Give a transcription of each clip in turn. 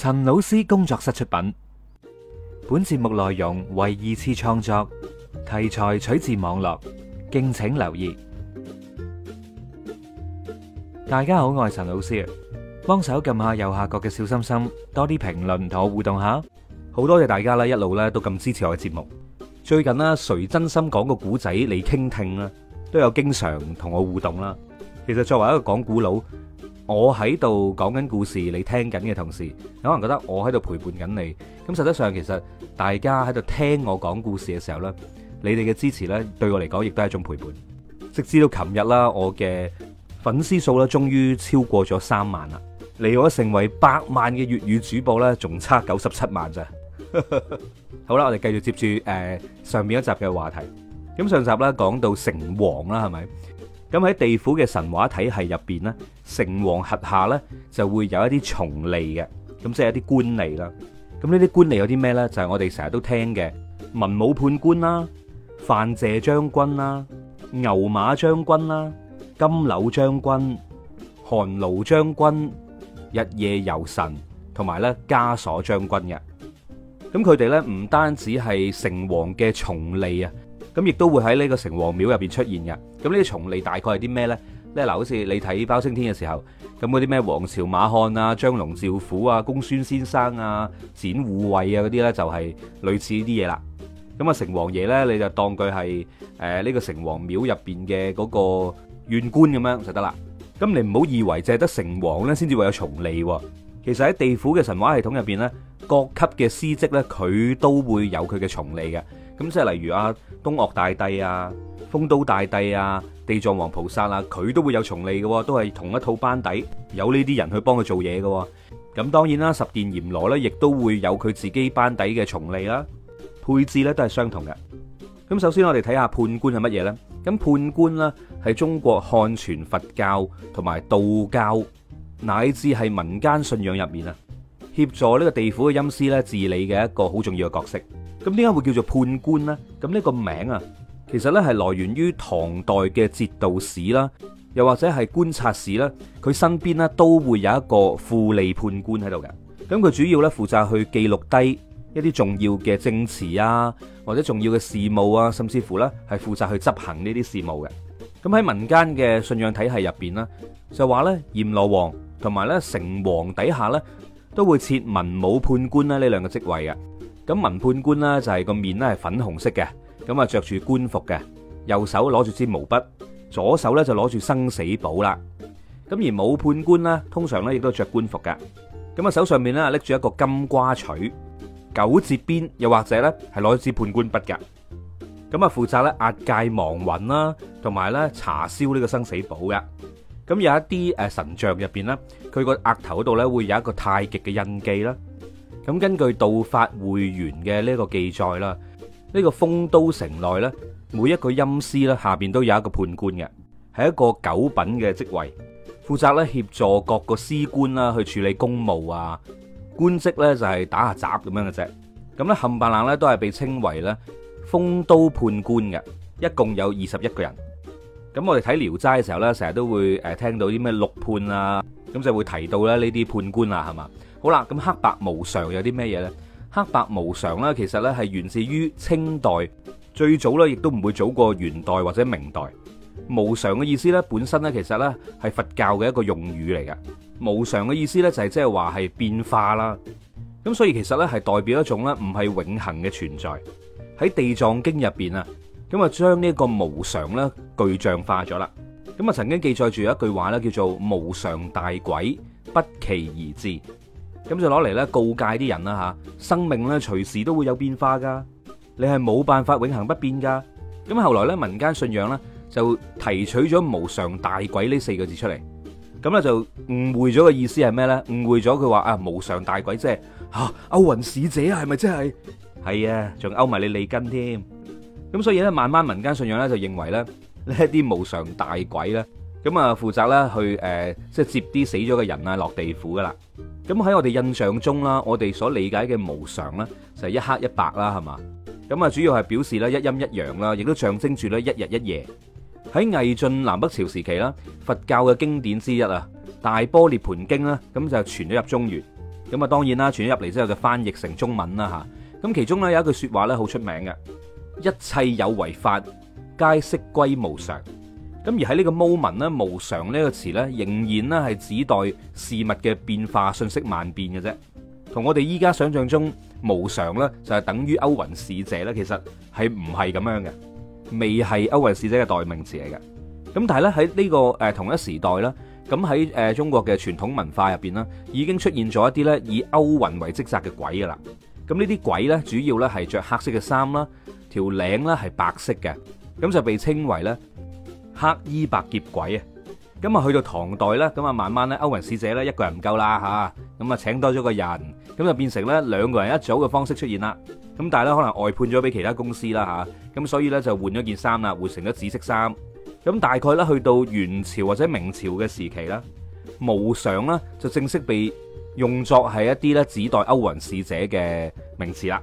陳老師工作室出品，本節目內容為二次創作，題材取自網絡，敬請留意。大家好，我係陳老師，幫手撳下右下角嘅小心心，多啲評論同我互動下。好多謝，謝大家一路呢都咁支持我嘅節目。最近咧，誰真心講個古仔嚟傾聽都有經常同我互動啦。其實作為一個講古佬。我喺度講緊故事，你聽緊嘅同時，你可能覺得我喺度陪伴緊你。咁實質上其實大家喺度聽我講故事嘅時候呢，你哋嘅支持呢，對我嚟講亦都係一種陪伴。直至到琴日啦，我嘅粉絲數呢，終於超過咗三萬啦，離我成為百萬嘅粵語主播呢，仲差九十七萬咋。 好啦，我哋繼續接住誒、呃、上面一集嘅話題。咁上集呢，講到城隍啦，係咪？咁喺地府嘅神話體系入面，咧，城隍轄下咧就會有一啲從吏嘅，咁即係一啲官吏啦。咁呢啲官吏有啲咩咧？就係、是、我哋成日都聽嘅文武判官啦、范謝將軍啦、牛馬將軍啦、金柳將軍、韓盧將軍、日夜遊神同埋咧枷鎖將軍嘅。咁佢哋咧唔單止係城隍嘅從吏。啊。咁亦都會喺呢個城隍廟入邊出現嘅。咁呢啲從吏大概係啲咩呢？咧嗱，好似你睇包青天嘅時候，咁嗰啲咩王朝馬漢啊、張龍趙虎啊、公孫先生啊、展護衛啊嗰啲呢，就係類似呢啲嘢啦。咁啊，城隍爺呢，你就當佢係誒呢個城隍廟入邊嘅嗰個縣官咁樣就得啦。咁你唔好以為淨係得城隍呢先至會有從吏喎、啊。其實喺地府嘅神話系統入邊呢，各級嘅司職呢，佢都會有佢嘅從吏嘅。咁即係例如啊。東嶽大帝啊，豐都大帝啊，地藏王菩薩啦，佢都會有從利嘅，都係同一套班底，有呢啲人去幫佢做嘢嘅。咁當然啦，十殿閻羅呢亦都會有佢自己班底嘅從利啦，配置呢都係相同嘅。咁首先我哋睇下判官係乜嘢呢？咁判官呢，係中國漢傳佛教同埋道教乃至係民間信仰入面啊，協助呢個地府嘅陰司咧治理嘅一個好重要嘅角色。咁點解會叫做判官呢？咁、這、呢個名啊，其實呢係來源於唐代嘅節度使啦，又或者係觀察使啦，佢身邊呢都會有一個富利判官喺度嘅。咁佢主要呢負責去記錄低一啲重要嘅證詞啊，或者重要嘅事務啊，甚至乎呢係負責去執行呢啲事務嘅。咁喺民間嘅信仰體系入邊呢，就話呢，閻羅王同埋呢城隍底下呢，都會設文武判官呢兩個職位嘅。咁文判官咧就係個面咧係粉紅色嘅，咁啊着住官服嘅，右手攞住支毛筆，左手咧就攞住生死簿啦。咁而武判官咧通常咧亦都着官服嘅。咁啊手上面咧拎住一個金瓜錘、九節鞭，又或者咧係攞支判官筆嘅，咁啊負責咧押界亡魂啦，同埋咧查銷呢個生死簿嘅。咁有一啲誒神像入邊咧，佢個額頭度咧會有一個太極嘅印記啦。咁根據道法會元嘅呢個記載啦，呢個豐都城內咧，每一個陰司啦下邊都有一個判官嘅，係一個九品嘅職位，負責咧協助各個司官啦去處理公務啊，官職咧就係打下雜咁樣嘅啫。咁咧冚唪唥咧都係被稱為咧豐都判官嘅，一共有二十一個人。咁我哋睇聊齋嘅時候咧，成日都會誒聽到啲咩陸判啊，咁就會提到咧呢啲判官啊，係嘛？好啦，咁黑白無常有啲咩嘢呢？黑白無常呢，其實咧係源自於清代，最早咧，亦都唔會早過元代或者明代。無常嘅意思咧，本身咧其實咧係佛教嘅一個用語嚟嘅。無常嘅意思咧就係即係話係變化啦。咁所以其實咧係代表一種咧唔係永恆嘅存在喺地藏經入邊啊。咁啊，將呢個無常咧具象化咗啦。咁啊，曾經記載住有一句話咧，叫做無常大鬼不期而至。咁就攞嚟咧告誡啲人啦吓，生命咧隨時都會有變化噶，你係冇辦法永恒不變噶。咁後來咧民間信仰咧就提取咗無常大鬼呢四個字出嚟，咁咧就誤會咗個意思係咩咧？誤會咗佢話啊無常大鬼即係吓勾魂使者啊，係咪即係？係啊，仲勾埋你脷根添。咁所以咧慢慢民間信仰咧就認為咧呢一啲無常大鬼咧。咁啊，負責咧去誒，即係接啲死咗嘅人啊，落地府噶啦。咁喺我哋印象中啦，我哋所理解嘅無常咧，就係一黑一白啦，係嘛？咁啊，主要係表示咧一陰一陽啦，亦都象徵住咧一日一夜。喺魏晉南北朝時期啦，佛教嘅經典之一啊，《大般涅槃經》啦，咁就傳咗入中原。咁啊，當然啦，傳咗入嚟之後就翻譯成中文啦嚇。咁其中咧有一句説話咧好出名嘅：一切有為法，皆悉歸無常。咁而喺呢個毛文咧，無常呢個詞咧，仍然咧係指代事物嘅變化，瞬息萬變嘅啫。同我哋依家想象中無常咧，就係等於勾魂使者咧，其實係唔係咁樣嘅，未係勾魂使者嘅代名詞嚟嘅。咁但係咧喺呢個誒同一時代啦，咁喺誒中國嘅傳統文化入邊啦，已經出現咗一啲咧以勾魂為職責嘅鬼噶啦。咁呢啲鬼咧主要咧係著黑色嘅衫啦，條領咧係白色嘅，咁就被稱為咧。黑衣白劫鬼啊！咁啊，去到唐代咧，咁啊，慢慢咧，歐雲使者咧一個人唔夠啦，吓咁啊，請多咗個人，咁就變成咧兩個人一組嘅方式出現啦。咁但係咧，可能外判咗俾其他公司啦，吓咁所以咧就換咗件衫啦，換成咗紫色衫。咁大概咧去到元朝或者明朝嘅時期咧，無常咧就正式被用作係一啲咧指代歐雲使者嘅名詞啦，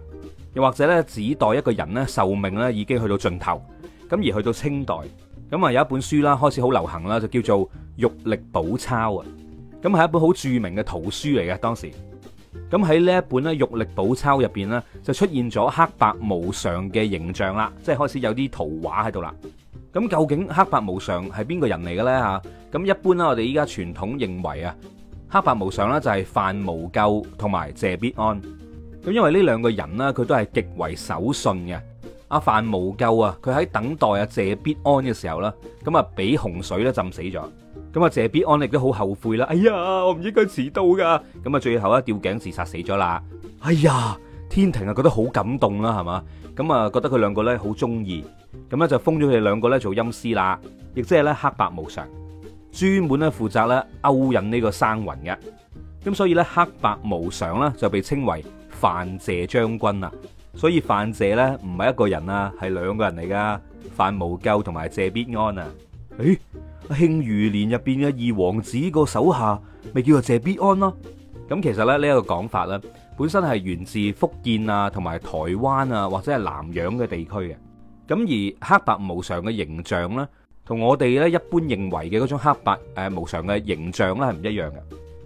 又或者咧指代一個人咧壽命咧已經去到盡頭。咁而去到清代。咁啊有一本書啦，開始好流行啦，就叫做《玉歷寶抄》啊。咁係一本好著名嘅圖書嚟嘅當時。咁喺呢一本咧《玉歷寶抄》入邊咧，就出現咗黑白無常嘅形象啦，即係開始有啲圖畫喺度啦。咁究竟黑白無常係邊個人嚟嘅咧？嚇，咁一般啦，我哋依家傳統認為啊，黑白無常咧就係范無咎同埋謝必安。咁因為呢兩個人咧，佢都係極為守信嘅。阿范無咎啊，佢喺等待阿謝必安嘅時候啦，咁啊俾洪水咧浸死咗，咁啊謝必安亦都好後悔啦，哎呀，我唔應該遲到噶，咁啊最後啊，吊頸自殺死咗啦，哎呀，天庭啊覺得好感動啦，係嘛，咁啊覺得佢兩個咧好中意，咁咧就封咗佢哋兩個咧做陰司啦，亦即係咧黑白無常，專門咧負責咧勾引呢個生魂嘅，咁所以咧黑白無常咧就被稱為范謝將軍啊。所以范謝咧唔係一個人啊，係兩個人嚟噶，范無咎同埋謝必安啊。誒，慶餘年入邊嘅二王子個手下咪叫做謝必安咯。咁其實咧呢一個講法咧，本身係源自福建啊，同埋台灣啊或者係南洋嘅地區嘅。咁而黑白無常嘅形象咧，同我哋咧一般認為嘅嗰種黑白誒無常嘅形象咧係唔一樣嘅。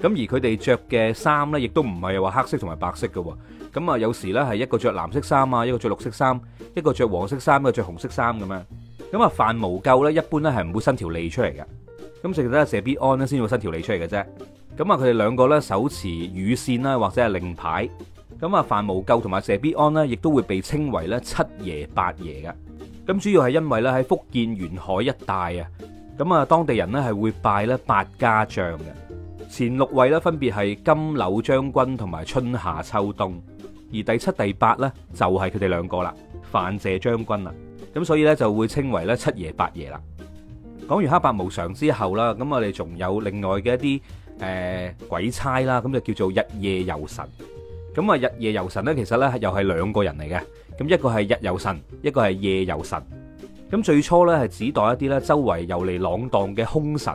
咁而佢哋着嘅衫呢，亦都唔係話黑色同埋白色嘅喎。咁啊，有時呢係一個着藍色衫啊，一個着綠色衫，一個着黃色衫，一個着紅色衫咁樣。咁啊，范無咎呢，一般呢係唔會伸條脷出嚟嘅。咁成日咧，謝必安呢，先會伸條脷出嚟嘅啫。咁啊，佢哋兩個呢，手持羽扇啦，或者係令牌。咁啊，范無咎同埋謝必安呢，亦都會被稱為呢七爺八爺嘅。咁主要係因為呢，喺福建沿海一帶啊，咁啊，當地人呢，係會拜呢八家將嘅。前六位啦，分別係金柳將軍同埋春夏秋冬，而第七、第八呢，就係佢哋兩個啦，范謝將軍啦，咁所以呢，就會稱為咧七爺八爺啦。講完黑白無常之後啦，咁我哋仲有另外嘅一啲誒、呃、鬼差啦，咁就叫做日夜遊神。咁啊日夜遊神呢，其實咧又係兩個人嚟嘅，咁一個係日遊神，一個係夜遊神。咁最初呢，係指代一啲咧周圍遊嚟浪蕩嘅凶神。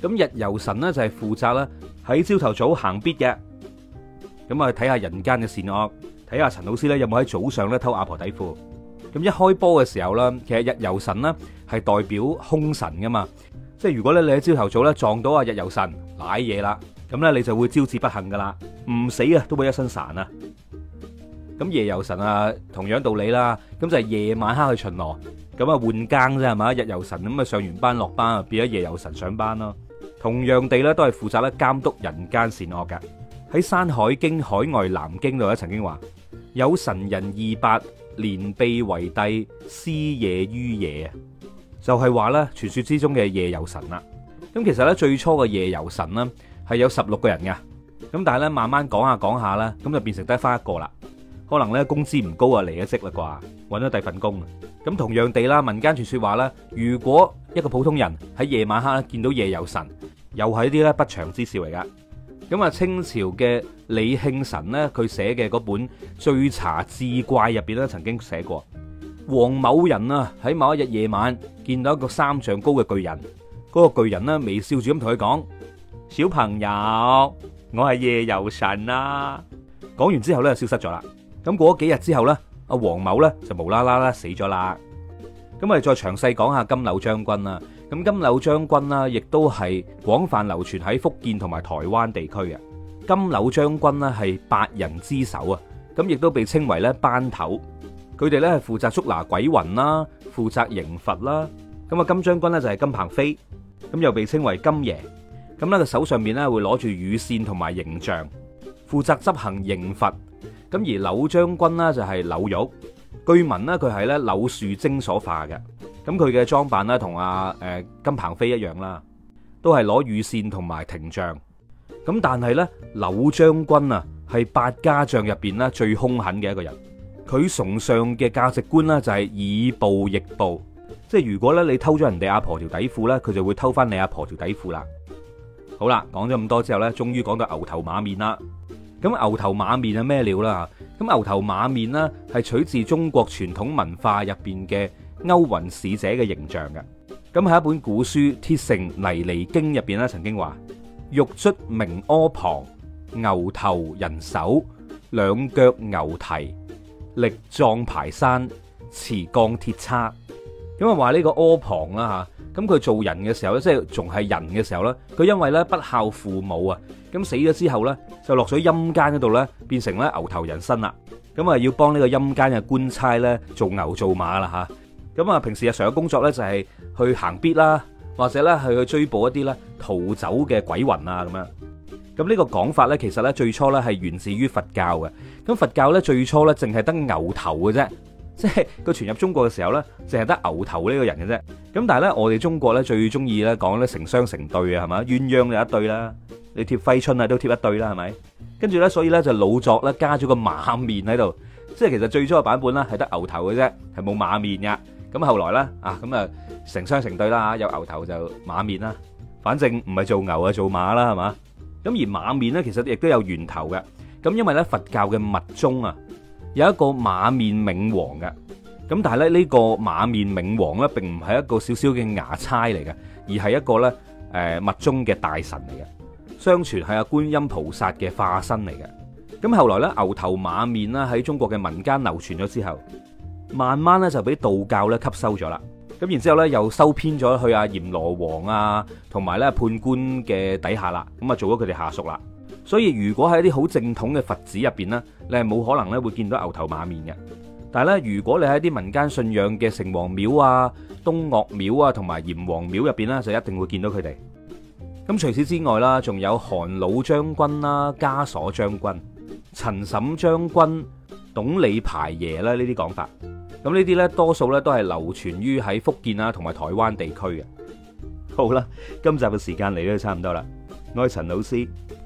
咁日遊神咧，就係負責啦，喺朝頭早行必嘅。咁啊睇下人間嘅善惡，睇下陳老師咧，有冇喺早上咧偷阿婆底褲。咁一開波嘅時候啦，其實日遊神咧，係代表凶神噶嘛，即係如果咧，你喺朝頭早咧撞到阿日遊神瀨嘢啦，咁咧，你就會招致不幸噶啦，唔死啊都會一身潺啊。咁夜遊神啊，同樣道理啦，咁就係夜晚黑去巡邏，咁啊換更啫係嘛，日遊神咁啊上完班落班啊變咗夜遊神上班咯。同樣地咧，都係負責咧監督人間善惡嘅。喺《山海經》海外南經度咧，曾經話有神人二八，連臂為帝，司夜於野。就係話咧傳說之中嘅夜遊神啦。咁其實咧最初嘅夜遊神啦係有十六個人嘅，咁但係咧慢慢講下講下咧，咁就變成得返一個啦。可能呢，工資唔高啊嚟咗職啦啩，揾咗第二份工。咁同樣地啦，民間傳説話咧，如果一個普通人喺夜晚黑咧見到夜遊神，又係呢啲呢不祥之兆嚟噶。咁啊清朝嘅李慶辰呢，佢寫嘅嗰本《醉茶志怪》入邊呢曾經寫過，黃某人啊喺某一日夜晚見到一個三丈高嘅巨人，嗰、嗰個巨人呢微笑住咁同佢講：小朋友，我係夜遊神啊！講完之後呢，就消失咗啦。咁過咗幾日之後咧，阿黃某咧就無啦啦啦死咗啦。咁啊，我哋再詳細講下金柳將軍啦。咁金柳將軍啦，亦都係廣泛流傳喺福建同埋台灣地區嘅。金柳將軍咧係八人之首啊，咁亦都被稱為咧班頭。佢哋咧係負責捉拿鬼魂啦，負責刑罰啦。咁啊，金將軍咧就係金鵬飛，咁又被稱為金爺。咁咧個手上面咧會攞住羽扇同埋刑杖，負責執行刑罰。咁而柳將軍呢就係柳玉，據聞呢佢係柳樹精所化嘅，咁佢嘅裝扮呢同阿誒金鵬飛一樣啦，都係攞羽扇同埋亭杖，咁但係呢，柳將軍啊係八家將入邊呢最兇狠嘅一個人，佢崇尚嘅價值觀呢就係以暴易暴，即係如果呢你偷咗人哋阿婆條底褲呢佢就會偷翻你阿婆條底褲啦。好啦，講咗咁多之後呢終於講到牛頭馬面啦。咁牛頭馬面係咩料啦？咁牛頭馬面呢，係取自中國傳統文化入邊嘅勾魂使者嘅形象嘅。咁喺一本古書《鐵城泥離經》入邊咧，曾經話玉卒名阿旁，牛頭人手，兩腳牛蹄，力壯排山，持鋼鐵叉。咁啊，話呢個阿旁啦吓。咁佢做人嘅時候咧，即係仲係人嘅時候咧，佢因為咧不孝父母啊，咁死咗之後咧，就落咗陰間嗰度咧，變成咧牛頭人身啦。咁啊，要幫呢個陰間嘅官差咧做牛做馬啦嚇。咁啊，平時日常嘅工作咧就係去行必啦，或者咧去去追捕一啲咧逃走嘅鬼魂啊咁樣。咁呢個講法咧，其實咧最初咧係源自於佛教嘅。咁佛教咧最初咧淨係得牛頭嘅啫。即係佢傳入中國嘅時候咧，淨係得牛頭呢個人嘅啫。咁但係咧，我哋中國咧最中意咧講咧成雙成對啊，係嘛？鴛鴦有一對啦，你貼揮春啊都貼一對啦，係咪？跟住咧，所以咧就老作咧加咗個馬面喺度。即係其實最初嘅版本咧係得牛頭嘅啫，係冇馬面嘅。咁後來咧啊咁啊成雙成對啦，有牛頭就馬面啦。反正唔係做牛啊做馬啦，係嘛？咁而馬面咧其實亦都有源頭嘅。咁因為咧佛教嘅密宗啊。有一個馬面明王嘅，咁但係咧呢個馬面明王咧並唔係一個小小嘅衙差嚟嘅，而係一個咧誒、呃、密宗嘅大神嚟嘅，相傳係阿觀音菩薩嘅化身嚟嘅。咁後來咧牛頭馬面啦喺中國嘅民間流傳咗之後，慢慢咧就俾道教咧吸收咗啦。咁然之後咧又收編咗去阿閻羅王啊同埋咧判官嘅底下啦，咁啊做咗佢哋下屬啦。所以如果喺啲好正統嘅佛寺入邊呢，你係冇可能咧會見到牛頭馬面嘅。但係咧，如果你喺啲民間信仰嘅城隍廟啊、東岳廟啊同埋閻王廟入邊呢，就一定會見到佢哋。咁除此之外啦，仲有韓老將軍啦、枷鎖將軍、陳審將軍、董李排爺啦呢啲講法。咁呢啲呢，多數呢都係流傳於喺福建啊同埋台灣地區嘅。好啦，今集嘅時間嚟到差唔多啦。我係陳老師。